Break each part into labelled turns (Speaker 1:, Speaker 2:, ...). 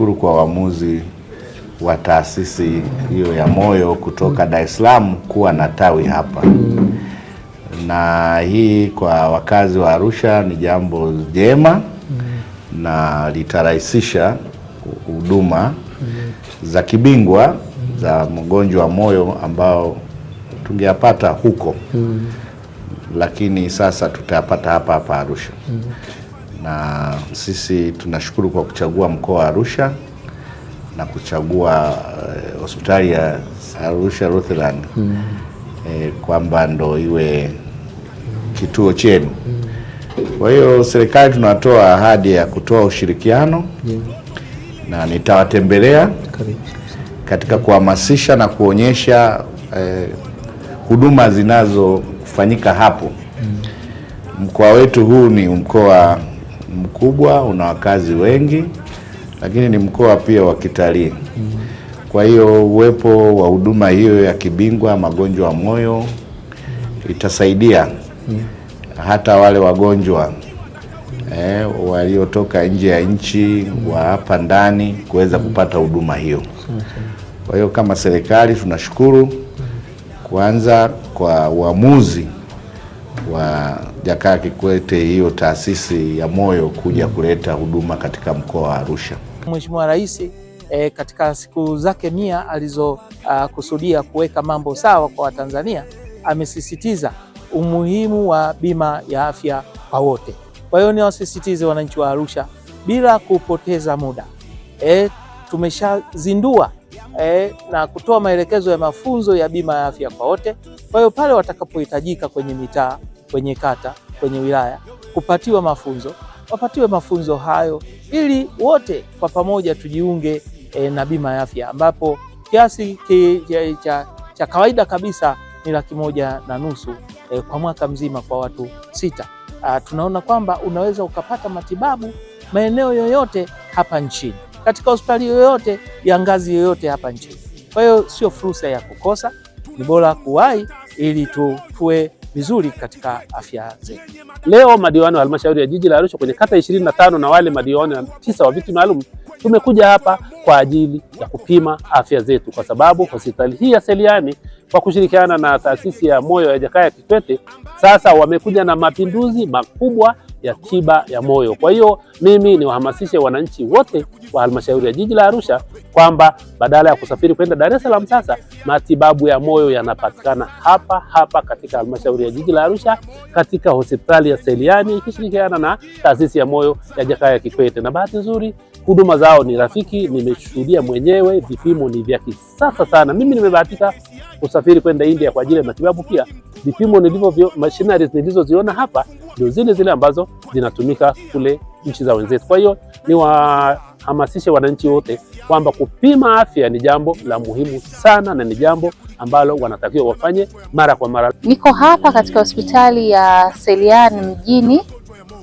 Speaker 1: nashukuru kwa uamuzi wa taasisi hiyo ya moyo kutoka Dar es Salaam kuwa na tawi hapa, na hii kwa wakazi wa Arusha ni jambo jema na litarahisisha huduma za kibingwa za mgonjwa wa moyo ambao tungeyapata huko, lakini sasa tutayapata hapa hapa Arusha na sisi tunashukuru kwa kuchagua mkoa wa Arusha na kuchagua eh, hospitali uh, ya Arusha Ruthland mm. eh, kwamba ndo iwe kituo chenu mm. Kwa hiyo serikali tunatoa ahadi ya kutoa ushirikiano yeah. Hmm. na nitawatembelea katika kuhamasisha na kuonyesha eh, huduma zinazofanyika hapo mm. Mkoa wetu huu ni mkoa mkubwa, una wakazi wengi, lakini ni mkoa pia wa kitalii. Kwa hiyo uwepo wa huduma hiyo ya kibingwa magonjwa ya moyo itasaidia hata wale wagonjwa eh, waliotoka nje ya nchi wa hapa ndani kuweza mm. kupata huduma hiyo. Kwa hiyo kama serikali tunashukuru kwanza kwa uamuzi wa Jakaya Kikwete, hiyo taasisi ya moyo kuja kuleta huduma katika mkoa wa Arusha.
Speaker 2: Mheshimiwa Rais e, katika siku zake mia alizokusudia kuweka mambo sawa kwa Watanzania amesisitiza umuhimu wa bima ya afya kwa wote. Kwa hiyo niwasisitize wananchi wa Arusha bila kupoteza muda e, tumeshazindua e, na kutoa maelekezo ya mafunzo ya bima ya afya kwa wote. Kwa hiyo pale watakapohitajika kwenye mitaa kwenye kata, kwenye wilaya kupatiwa mafunzo, wapatiwe mafunzo hayo ili wote kwa pamoja tujiunge e, na bima ya afya ambapo kiasi ki, ki, cha, cha kawaida kabisa ni laki moja na nusu e, kwa mwaka mzima kwa watu sita. A, ah, tunaona kwamba unaweza ukapata matibabu maeneo yoyote hapa nchini katika hospitali yoyote ya ngazi yoyote hapa nchini. Kwa hiyo sio fursa ya kukosa, ni bora kuwahi ili tu, vizuri katika afya zetu.
Speaker 3: Leo madiwani wa halmashauri ya jiji la Arusha kwenye kata 25 na na wale madiwani tisa wa viti maalum tumekuja hapa kwa ajili ya kupima afya zetu, kwa sababu hospitali hii ya Seliani kwa kushirikiana na taasisi ya moyo ya Jakaya Kikwete sasa wamekuja na mapinduzi makubwa ya tiba ya moyo. Kwa hiyo mimi niwahamasishe wananchi wote wa halmashauri ya jiji la Arusha kwamba badala ya kusafiri kwenda Dar es Salaam, sasa matibabu ya moyo yanapatikana hapa hapa katika halmashauri ya jiji la Arusha katika hospitali ya Seliani ikishirikiana na taasisi ya moyo ya Jakaya Kikwete, na bahati nzuri huduma zao ni rafiki. Nimeshuhudia mwenyewe, vipimo ni vya kisasa sana. Mimi nimebahatika kusafiri kwenda India kwa ajili ya matibabu pia vipimo nilivyo machineries nilizoziona hapa ndio zile zile ambazo zinatumika kule nchi za wenzetu. Kwa hiyo niwahamasishe wananchi wote kwamba kupima afya ni jambo la muhimu sana na ni jambo ambalo wanatakiwa wafanye mara kwa mara.
Speaker 4: Niko hapa katika hospitali ya Selian mjini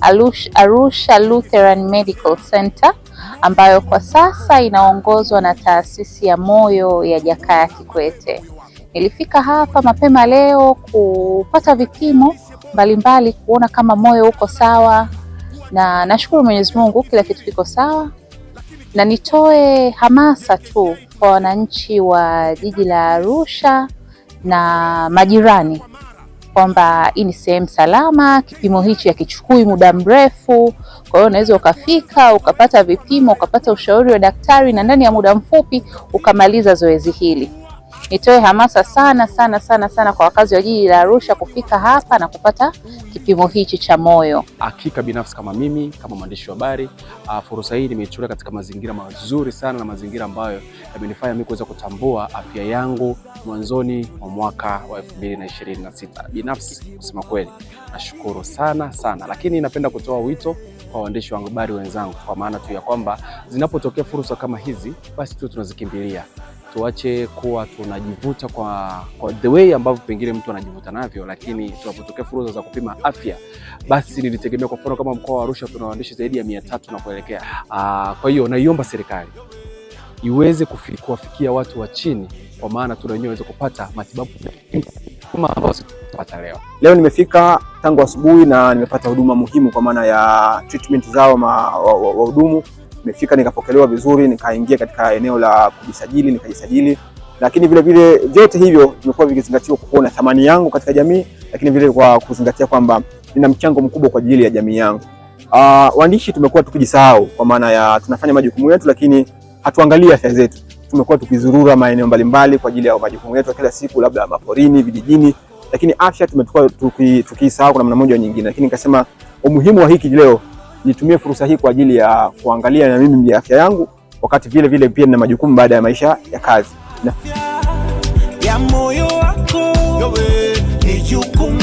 Speaker 4: Arusha, Arusha Lutheran Medical Center ambayo kwa sasa inaongozwa na taasisi ya moyo ya Jakaya Kikwete. Nilifika hapa mapema leo kupata vipimo mbalimbali kuona kama moyo uko sawa, na nashukuru Mwenyezi Mungu kila kitu kiko sawa, na nitoe hamasa tu kwa wananchi wa jiji la Arusha na majirani kwamba hii ni sehemu salama. Kipimo hichi hakichukui muda mrefu, kwa hiyo unaweza ukafika ukapata vipimo ukapata ushauri wa daktari na ndani ya muda mfupi ukamaliza zoezi hili nitoe hamasa sana sana sana sana kwa wakazi wa jiji la Arusha kufika hapa na kupata kipimo hichi cha moyo.
Speaker 5: Hakika binafsi kama mimi kama mwandishi wa habari, ah, fursa hii nimeichukua katika mazingira mazuri sana na mazingira ambayo yamenifanya mimi kuweza kutambua afya yangu mwanzoni mwa mwaka wa 2026. Binafsi kusema kweli, nashukuru sana sana, lakini napenda kutoa wito kwa waandishi wa habari wenzangu, kwa maana tu ya kwamba zinapotokea fursa kama hizi, basi tu tunazikimbilia tuache kuwa tunajivuta kwa, kwa the way ambavyo pengine mtu anajivuta navyo, lakini tunapotokea fursa za kupima afya, basi nilitegemea kwa mfano kama mkoa wa Arusha tuna waandishi zaidi ya mia tatu na kuelekea. Ah, kwa hiyo naiomba serikali iweze kuwafikia watu wa chini, kwa maana tuna wenyewe waweze kupata matibabu kama ambavyo sitapata leo.
Speaker 6: Leo nimefika tangu asubuhi na nimepata huduma muhimu kwa maana ya treatment zao wahudumu wa, wa Nimefika nikapokelewa vizuri, nikaingia katika eneo la kujisajili, nikajisajili. Lakini vile vile vyote hivyo vimekuwa vikizingatiwa kuona thamani yangu katika jamii, lakini vile kwa kuzingatia kwamba nina mchango mkubwa kwa ajili ya jamii yangu. Uh, waandishi tumekuwa tukijisahau kwa maana ya tunafanya majukumu yetu, lakini hatuangalii afya zetu. Tumekuwa tukizurura maeneo mbalimbali kwa ajili ya majukumu yetu kila siku, labda maporini, vijijini, lakini afya tumekuwa tukisahau kwa namna moja nyingine, lakini nikasema umuhimu wa hiki leo nitumie fursa hii kwa ajili ya kuangalia na mimi afya yangu, wakati vile vile pia nina majukumu baada ya maisha ya kazi na... ya moyo wako ni jukumu